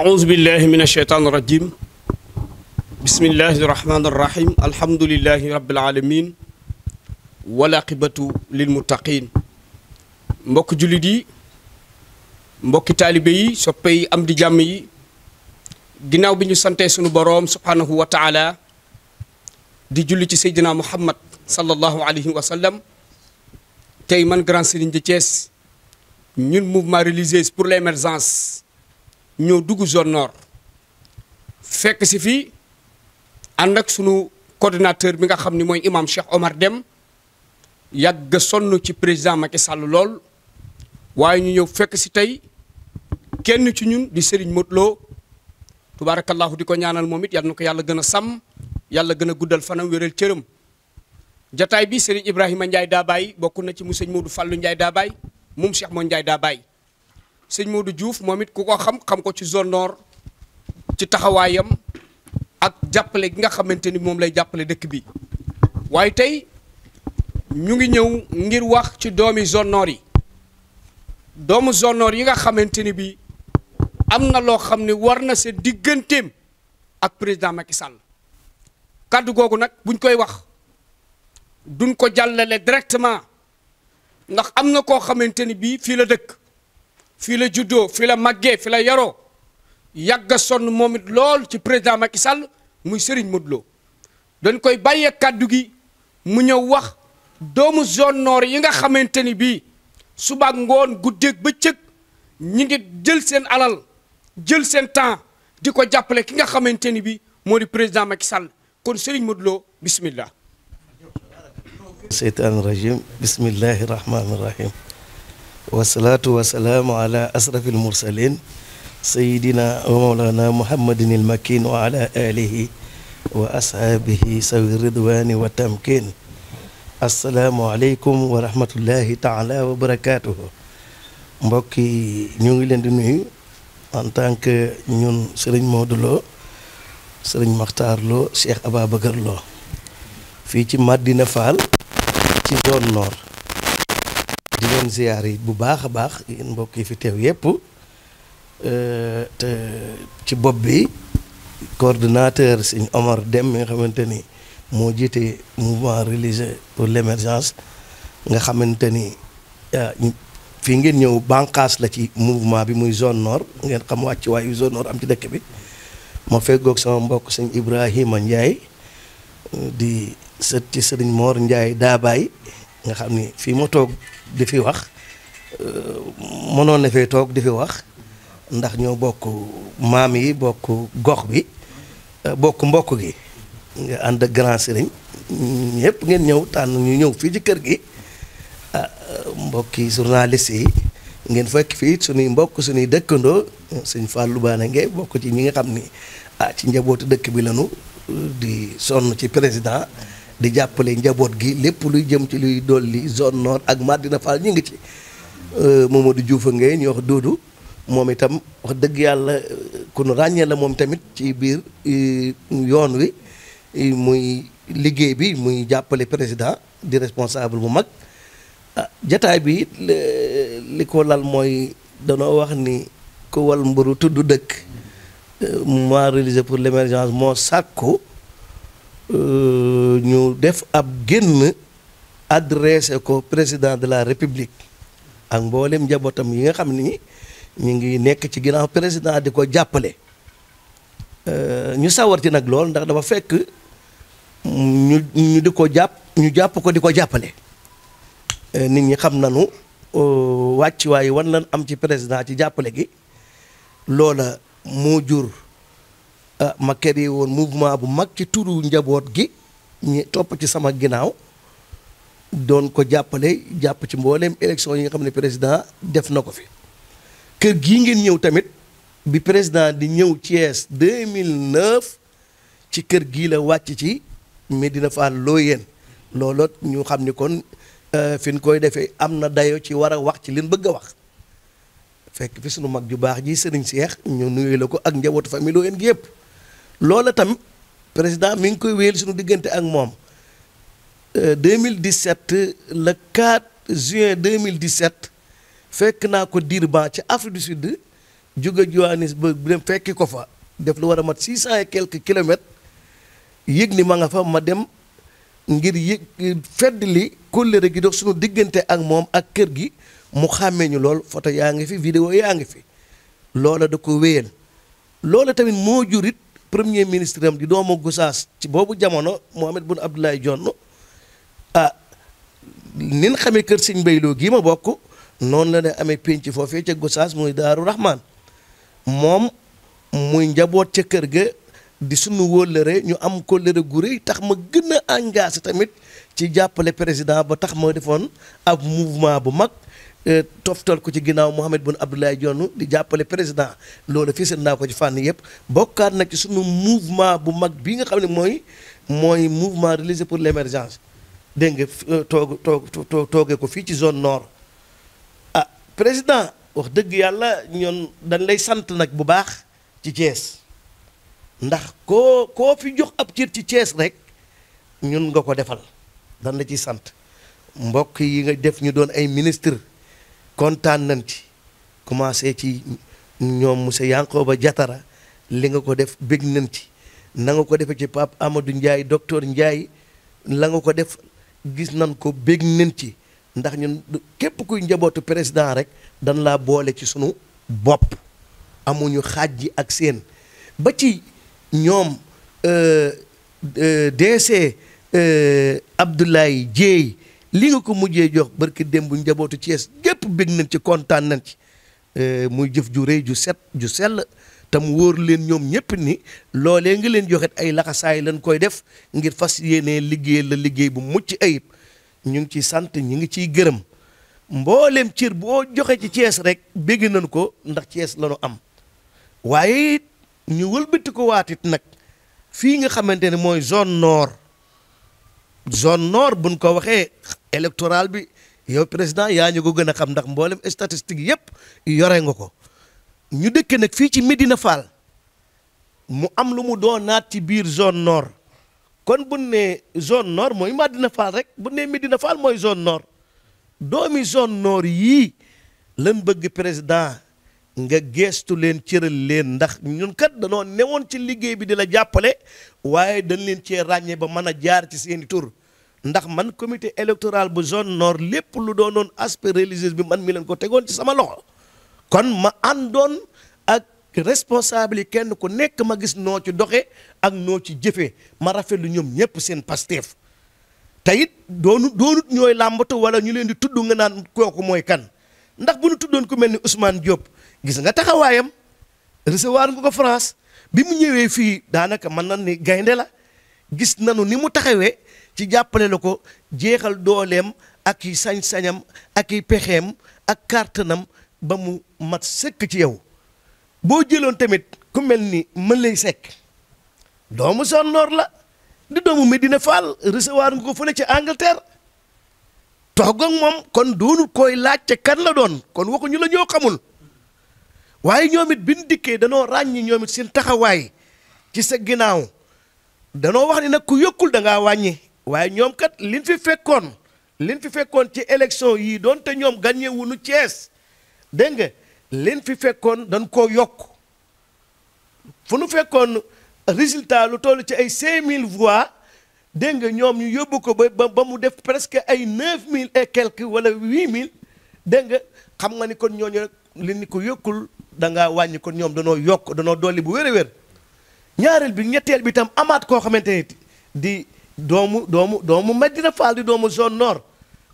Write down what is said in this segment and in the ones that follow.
أعوذ بالله من الشيطان الرجيم بسم الله الرحمن الرحيم الحمد لله رب العالمين والعاقبة للمتقين mbokk jullit yi mbokki taalibe yi soppe yi am di jàmm yi ginnaaw bi ñu santee sunu boroom subhaanahu wa taala di julli ci seydina muhammad sallallahu alayhi wa sallam tey man grand serigne de Thiès ñun mouvement religieux pour l'émergence ñëw dugg zone nord fekk si fii ànd ak sunu coordinateur bi nga xam ni mooy imam Cheikh Omar Dem yàgg sonn ci président Macky Sall lool waaye ñu ñëw fekk si tey kenn ci ñun di Serigne Modou Lo tubaarakallaahu di ko ñaanal moom it yal na ko yàlla gën a sàmm yàlla gën a guddal fanam wéral cëram jataay bi Serigne Ibrahima Ndiaye Daabay bokk na ci mu sëñ Modou Fallou Ndiaye Daabay moom Cheikh moo Ndiaye Daabay sëñ du Diouf moom it ku ko xam xam ko ci zone nord ci taxawaayam ak jàppale ki nga xamante ni moom lay jàppale dëkk bi waaye tey ñu ngi ñëw ngir wax ci doomi zone nord yi doomu zone nord yi nga xamante ni bi am na loo xam ne war na sa digganteem ak président Macky sàll kàddu googu nag buñ koy wax duñ ko jàllale directement ndax am na koo xamante ni bii fii la dëkk fii la juddoo fii la màggee fii la yaroo yàgg sonn moom lool ci président Macky Sall muy Serigne Modou Lo dañ koy bàyyee kàddu gi mu ñëw wax doomu zone noor yi nga xamante ni bii suba ngoon guddeeg bëccëg ñi ngi jël seen alal jël seen temps di ko jàppale ki nga xamante ni bii moo di président Macky Sall kon Serigne Modou Lo bismillah. seytaan rajim bismillahi rahmaani wasalaatu wasalaamu ala asrafi almursalin sayidina wa mawlana muhammadin almakin wa ala wa ashaabihi sawi ridwani wa tamkin asalaamu aleykum wa rahmatullahi taala wa barakatuhu mbokk yi ñu ngi leen di nuyu en tant que ñun sëriñ Modou Lo sëriñ Makhtar Lo Cheikh Ababacar Lo fii ci Madina Fall ci zone nord leen ziyaar yi bu baax a baax yéen mbokk yi fi teew yépp euh, te ci bopp bi coordonnateur Sëñ Omar Dem mi nga xamante ni moo jiite mouvement religieux pour l'émergence nga xamante ni ah, fii ngeen ñëw bànqaas la ci mouvement bi muy zone nord ngeen xam wàcc waayu zone am ci dëkk bi ma feggoog sama mbokk Sëñ Ibrahima Ndiaye di sët ci Sëriñ Mor Ndiaye Daabaay nga xam ni fii ma toog di fi wax euh, mënoon na fee toog di fi wax ndax ñoo bokk maam yi bokk gox bi euh, bokk mbokk gi nga ànd ak grand sëriñ ñëpp ngeen ñëw tànn ñu ñëw fii ci kër gi ah euh, mbokki journaliste yi ngeen fekk fii suñuy mbokk suñuy dëkkandoo suñ Fallou Bané Gueye bokk ci ñi nga xam ni ah ci njabootu dëkk bi lañu di sonn ci président di jàppale njaboot gi lépp luy jëm ci luy dolli zone nord ak Madina Fall ñu ngi ci euh, Mamadou Diouf ngay ñu wax Doudou moom itam wax dëgg yàlla euh, ku ràññee la moom tamit ci biir euh, yoon wi muy liggéey bi muy jàppale président di responsable bu mag ah, jataay bi li ko lal mooy danoo wax ni ko wal mburu tudd dëkk moi réalisé pour l'émergence moo sàkku ñu def ab génn adressé ko président de la république ak mboolem njabootam yi nga xam ni ñu ngi nekk ci ginnaaw président di ko jàppale. Euh, ñu sawar ci nag lool ndax dafa fekk ñu ñu di ko jàpp ñu jàpp ko di ko jàppale. Euh, nit ñi xam nañu euh, wàcc waaye wan lan am ci président ci jàppale gi loola moo jur. Euh, ma yi woon mouvement bu mag ci turu njaboot gi ñi topp ci sama ginnaaw doon ko jàppale jàpp ci mbooleem élection yi nga xam ne président def na ko fi kër gii ngeen ñëw tamit bi président di ñëw Thiès 2009 ci kër gii la wàcc ci Medina loo Looyeen looloot ñu xam ni kon euh, fi koy defee am na dayo ci war a wax ci liñ bëgg a wax fekk fi sunu mag ju baax ji sëriñ Seex ñu nuyu la ko ak njabootu famille Looyeen gi yëpp loola tamit président mi ngi koy wéyal suñu diggante ak moom 2017 euh, le 4 juin 2017 fekk naa ko Durban ci Afrique du Sud jóge Johannesburg bu dem fekki ko fa def lu war a mat 600 et quelques kilomètres yëg ni ma nga fa ma dem ngir yëg fedd li kóllëre gi dox suñu diggante ak moom ak kër gi mu xàmmee ñu lool photo yaa ngi fi vidéo yaa ngi fi loola da ko wéyal loola tamit moo jurit premier ministre am di doomu Gosaas ci boobu jamono Mohamed Boun Abdallah Dionne ah nin xamee kër sëñ Mbayloo gii ma bokk noonu la ne amee pénc foofee ca Gosaas muy Daaru Rahman moom muy njaboot ca kër ga di sunu wóllëre ñu am kóllëre gure rëy tax ma gën a engagé tamit ci jàppale président ba tax ma defoon ab mouvement bu mag Euh, toftal ko ci ginnaaw Mohamed Boun Abdallah Dionne di jàppale président loolu fii seen naa ko ci fànn yëpp bokkaat nag ci suñu mouvement bu mag bi nga xam ne mooy mooy mouvement religieux pour l'émergence dégg nga euh, toog toog toogee ko fii ci zone nord ah président wax dëgg yàlla ñoon dañ lay sant nag bu baax ci Thiès ndax koo koo fi jox ab cër ci Thiès rek ñun nga ko defal dañ la ci sant mbokk yi nga def ñu doon ay ministre kontaan nañ ci commencé ci ñoom monsieur ba jatara li nga ko def bég nañ ci na nga ko defee ci Pape amadu Ndiaye docteur Ndiaye la nga ko def gis nañ ko bég nañ ci ndax ñu képp kuy njabootu président rek dañ laa boole ci sunu bopp amuñu xaaj ji ak seen ba ci ñoom euh, euh, DC euh, Abdoulaye Dieye li nga ko mujjee jox barki démb njabootu Thiès gépp bég nañ ci kontaan nañ ci euh, muy jëf ju rëy ju set ju sell tam wóor leen ñoom ñëpp ni loole ngi leen joxe ay laxasaay lañ koy def ngir fas yéenee liggéey la liggéey bu mucc ayib ñu ngi ciy sant ñu ngi ciy gërëm mbooleem cër boo joxe ci Thiès rek bégg nañ ko ndax cees la am waaye it ñu wëlbati ko waatit nag fii nga xamante ne mooy zone nord zone nord buñ ko waxee électoral bi yow président yaa ñu ko gën a xam ndax mboolem statistique yëpp yoree nga ko ñu dëkk nag fii ci Médina Fall mu am lu mu doonaat ci biir zone nord kon bu ne zone nord mooy Médina Fall rek bu ne Médina Fall mooy zone nord doomi zone nord yii lan bëgg président nga geestu leen cëral leen ndax ñun kat danoo newoon ci liggéey bi di la jàppale waaye dañ leen cee ràññee ba mën a jaar ci seeni tur ndax man comité électoral bu zone noor lépp lu doon doonoon aspect religieux bi man mi leen ko tegoon ci sama loxo kon ma àndoon ak responsable kenn ku nekk ma gis noo ci doxe ak noo ci jëfee ma lu ñoom ñëpp seen pasteef te it doonu doonut ñooy làmbatu wala ñu leen di tudd nga naan kooku mooy kan ndax bu ñu tuddoon ku mel ni Ousmane Diop gis nga taxawaayam recevoir nga ko France bi mu ñëwee fii daanaka mën na ni gaynde la gis nanu ni mu taxawee ci jàppale la ko jeexal dooleem ak i sañ-sañam ak i pexeem ak kàttanam ba mu mat sëkk ci yow boo jëloon tamit ku mel ni mën lay sekk doomu Sonor la di doomu Medina Fall recevoir nga ko fële ci Angleterre toog ak moom kon doonul koy laajte kan la doon kon ñu la ñoo xamul waaye ñoom it bi ñu dikkee danoo ràññi ñoom it seen taxawaay ci sa ginnaaw danoo wax ni nag ku yokkul da ngaa wàññi waaye ñoom kat liñ fi fekkoon liñ fi fekkoon ci élection yii doon ñoom gagné wuñu Thiès dégg nga liñ fi fekkoon dañ koo yokk fu nu fekkoon résultat lu toll ci ay 5000 voix dégg nga ñoom ñu yóbbu ko ba ba mu def presque ay mille et quelque wala 8000 dégg nga xam nga ni kon ñooñu li ni ko yokkul da ngaa wàññi kon ñoom danoo yokk danoo dolli bu wér wér ñaareel bi ñetteel bi tam amaat koo xamante ni di. doomu doomu doomu Madina Fall di doomu zone nord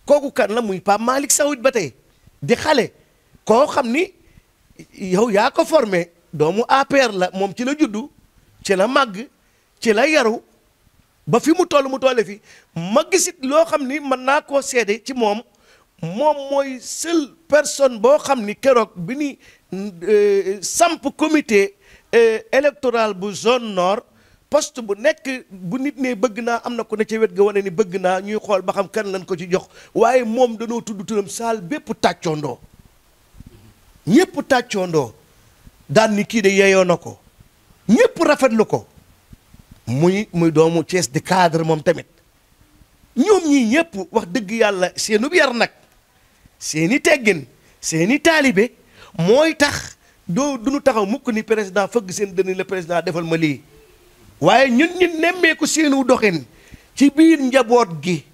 kooku kan la muy Pape Malick Sawit ba tey di xale koo xam ni yow yaa ko formé doomu APR la moom ci la juddu ci la màgg ci la yaru ba fi mu toll mu tolle fi magg gisit loo xam ni mën naa koo seede ci moom moom mooy seule personne boo xam ni keroog bi ni euh, samp comité euh, électoral bu zone nord poste bu nekk bu nit ne bëgg naa am na ko ne ca wet gi wane ni bëgg naa ñuy xool ba xam kan lañ ko ci jox waaye moom danoo tudd turam saal bépp tàccoondoo ñépp tàccoondoo daan ni kii de yeyoo na ko ñépp rafetlu ko muy muy doomu Thiès di cadre moom tamit ñoom ñii ñépp wax dëgg yàlla seenub yar nag seeni teggin seeni taalibe mooy tax doo duñu taxaw mukk ni président fëgg seen dënn la président defal ma lii waaye ñun ñi nemmeeku seenu doxin ci biir njaboot gi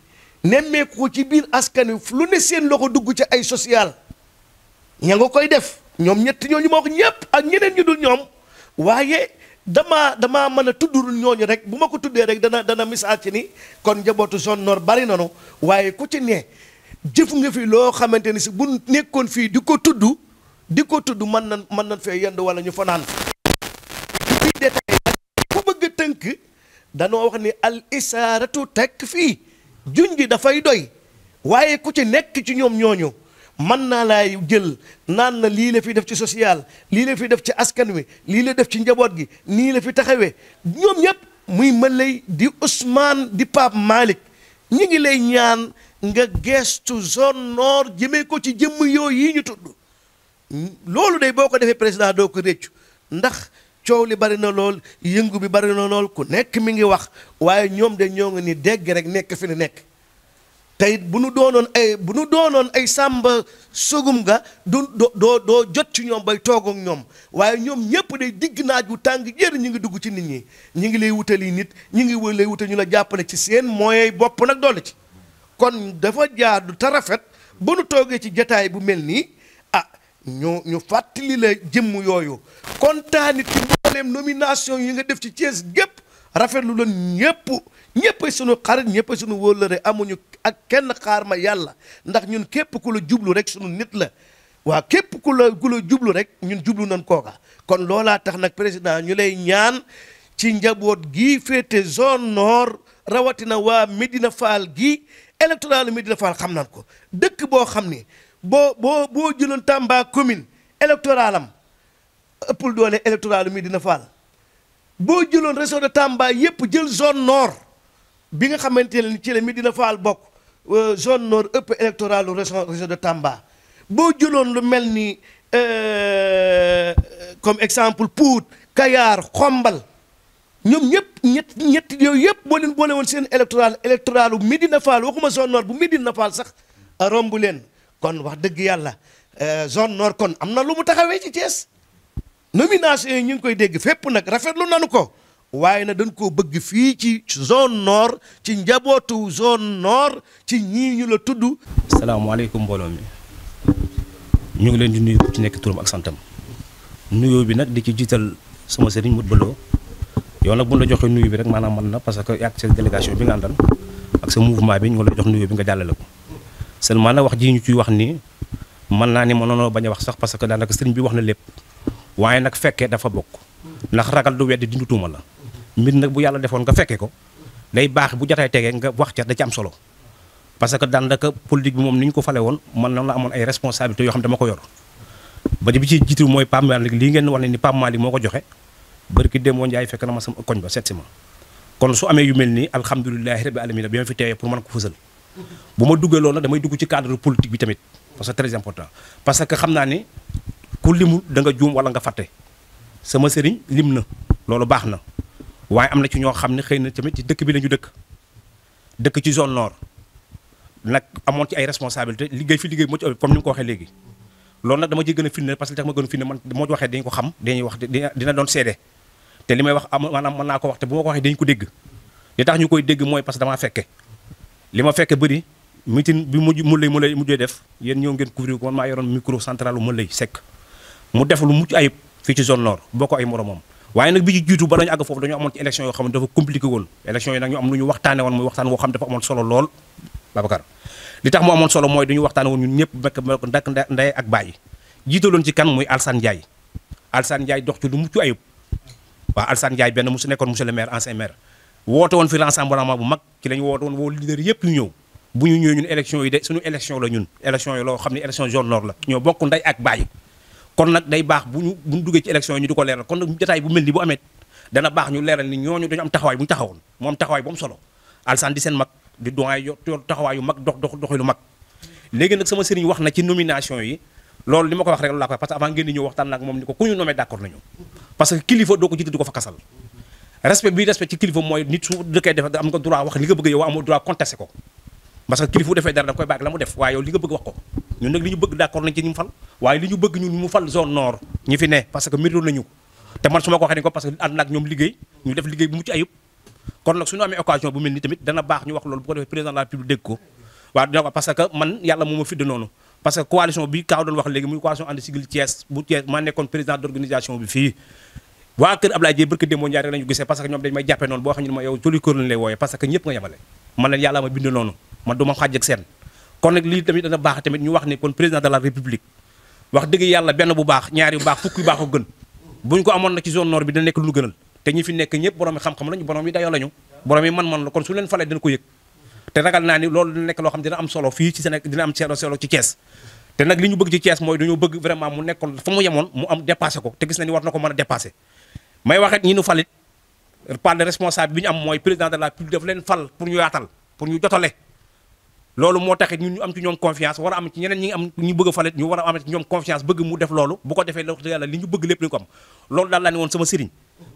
nemmeeku ko ci biir askan wi lu ne seen loxo dugg ci ay social ña nga koy def ñoom ñett ñooñu ma wax ñëpp ak ñeneen ñu dul ñoom waaye dama damaa mën a tuddul ñooñu rek bu ma ko tuddee rek dana dana misaal ci ni kon njabootu zone nord bari nanu waaye ku ci ne jëf nga fi loo xamante ni si bu nekkoon fii di ko tudd di ko tudd mën na mën na fee yend wala ñu fanaan ci détail danoo wax ni al isaaratu tek fii juñ gi dafay doy waaye ku ci nekk ci ñoom ñooñu mën naa laay jël naan na lii la fi def ci social lii la fi def ci askan wi lii la def ci njaboot gi nii la fi taxawee ñoom ñëpp muy Maley di Ousmane di Pape Malick ñi ngi lay ñaan nga gestu zone nord jëmee ko ci jëmm yooyu yi ñu tudd loolu de boo ko defee président doo ko réccu ndax coow li bari na lool yëngu bi bari na lool ku nekk mi ngi wax waaye ñoom de ñoo ngi nii dégg rek nekk fi ni nekk tey bu nu doonoon ay bu nu doonoon ay sàmba sugum ga du doo doo doo jot ci ñoom bay toogook ñoom waaye ñoom ñëpp day digg naaj wu tàng jër ñu ngi dugg ci nit ñi ñu ngi lay wutali nit ñu ngi lay wutal ñu la jàppale ci seen moyen bopp nag doole ci kon dafa jaar du te rafet ba nu toogee ci jataay bu mel nii ñu ñu fàttali la jëmm yooyu kon ci mbooleem nomination yi nga def ci Thiès gépp rafetlu la ñëpp ñëpp suñu xarit ñëpp suñu wóllëre amuñu ak kenn xaar ma yàlla ndax ñun képp ku la jublu rek sunu nit la waa képp ku la ku jublu rek ñun jublu nañ kooka kon loolaa tax nag président ñu lay ñaan ci njaboot gi féete zone nord rawatina waa Medina Fall gi électoral Medina Fall xam nañ ko dëkk boo xam ni boo boo boo jëloon Tamba commune électorale am ëppul doole électorale mi dina faal boo jëloon région de Tamba yépp jël zone nord bi nga xamante ne ci la mi dina faal bokk euh, zone nord ëpp électorale région de Tamba boo jëloon lu mel ni euh, comme exemple Pout Kayar Xombal ñoom ñëpp ñett ñetti yooyu yëpp boo leen boole woon seen électoral électoral u Medina Fall waxuma zone nord bu Medina Fall sax romb leen kon wax dëgg yàlla euh, zone nord kon am na lu mu taxawee ci Thiès nomination yi ñu ngi koy dégg fépp nag rafetlu nanu ko waaye nag dañ koo bëgg fii ci zone nord ci njabootu zone nord ci ñii ñu la tudd. salaamaaleykum mbooloo mi ñu ngi leen di nuyu ci nekk ak santam nuyoo bi nag di ci jiital sama sëriñ Modou Ballo yow nag bu la joxee nuyu bi rek maanaam mën na parce que ak sa délégation bi nga àndal ak sa mouvement bi ñu ngi la jox nuyu bi nga jàllale ko. seulement nag wax ji ñu ciy wax nii mën naa ni mënoonoo bañ a wax sax parce que daanaka sëriñ bi wax na lépp waaye nag fekkee dafa bokk ndax ragal du weddi dindu tuuma la mbir nag bu yàlla defoon nga fekkee ko day baax bu jataay tegee nga wax ca da ci am solo parce que daanaka politique bi moom ni ñu ko fale woon man na la amoon ay responsabilités yoo xam dama ko yor ba bi jiitu mooy Pape Malick lii ngeen wax ne ni Pape Malick moo ko joxe barki Demba Ndiaye fekk na ma koñ yu mel nii alhamdulilahi rabbi alamin bi ma fi teewee bu ma duggee loolu nag damay dugg ci cadre politique bi tamit parce que très parce que xam naa ni ku limul da nga juum wala nga fàtte sama sëriñ lim na loolu baax na waaye am na ci ñoo xam ne xëy na tamit ci dëkk bi la ñu dëkk dëkk ci zone nord nag amoon ci ay responsabilité liggéey fi liggéey moo ci comme ni nga ko waxee léegi loolu nag dama ci gën a firnde parce que li tax ma gën a man moo waxee dañ ko xam dañuy wax dina doon seede te li may wax am maanaam mën naa ko wax te bu ma dañ ko dégg tax ñu koy dégg mooy parce que fekke li ma fekk bëri mitin bi mujj mu lay mu lay mujjee def yéen ñoo ngeen couvrir ko man micro central mu lay sekk def lu mucc ayib fii ci zone nord boo ko ay moromam waaye nag bi ci jiitu ba dañu àgg foofu dañoo amoon ci élection yoo xam ne dafa compliqué woon élection yi nag ñu am lu ñu waxtaane woon muy waxtaan woo xam dafa amoon solo lool Babacar li tax mu amoon solo mooy dañu waxtaane woon ñun ñëpp mekk ndak ndaye ak bàyyi jiitaloon ci kan muy Alsane Ndiaye Alsane Ndiaye dox ci lu mucc ayib waaw Alsane Ndiaye benn mu su nekkoon monsieur le maire woote woon fi rassemblement bu mag ci la ñu woote woon woo leader yëpp ñëw bu ñu ñëwee ñun élection yi de suñu élection la ñun élection yi loo xam ne élection zone la ñoo bokk nday ak bàyyi kon nag day baax bu ñu bu ñu duggee ci élection yi ñu di ko leeral kon nag jotaay bu mel ni bu amee dana baax ñu leeral ni ñooñu dañu am taxawaay bu ñu taxawoon mu am taxawaay bu am solo alsan di seen mag di doyen yo yu mag dox dox doxi lu mag léegi sama sëriñ na ci nomination yi loolu li waxtaan nag moom ni ko ku ñu nommé respect bi respect ci kilifa mooy nit su dëkkee defee dara koy bàyyi la mu def waaye yow li nga bëgg wax ko ñun nag li ñu bëgg d'accord nañ ci ñu mu fal waaye li ñu bëgg ñun mu fal zone nord ñi fi ne parce que mérito nañu te man su ma ko waxee ko parce que ànd naag ñoom liggéey ñu def liggéey bu mucc ayib kon nag suñu amee occasion bu mel ni tamit dana baax ñu wax loolu bu ko defee président la République dégg ko waaw dina ko parce que man yàlla moo waa kër Ablaye Dieye barka démoo njaar lañu gisee parce que ñoom dañ may jàppe noonu boo xam ne man leen yàlla ma bind noonu man du ma xàjj seen kon lii tamit dana baax tamit ñu wax ne kon président de la république wax dëgg yàlla benn bu baax ñaar yu baax fukk baax ko gën buñ ko amoon na ci zone nord bi dina nekk lu gënal te ñi fi nekk ñëpp borom yi xam-xam lañu borom yi dayoo lañu borom yi man-man kon su leen falee dina ko yëg te am solo fii ci Sénégal dina am solo solo ci Thiès te nag li ñu bëgg ci Thiès mooy dañoo bëgg vraiment mu nekkoon fa may waxet ñi nu falit part de responsable bi ñu am mooy président de la République daf leen fal pour ñu yaatal pour ñu jotale loolu moo taxit ñun ñu am ci ñoom confiance war a am ci ñeneen ñi am ñu bëgg a falit ñu war a ci ñoom confiance bëgg mu def loolu bu ko defee wax dëgg li ñu bëgg lépp lañu ko am loolu daal laa ne woon sama sëriñ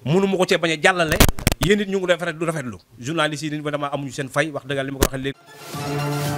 mënu ma ko cee bañ jàllale yéen it ñu ngi rafetlu rafetlu journaliste yi dañu vraiment amuñu seen fay wax dëgg yàlla li ma ko waxee léegi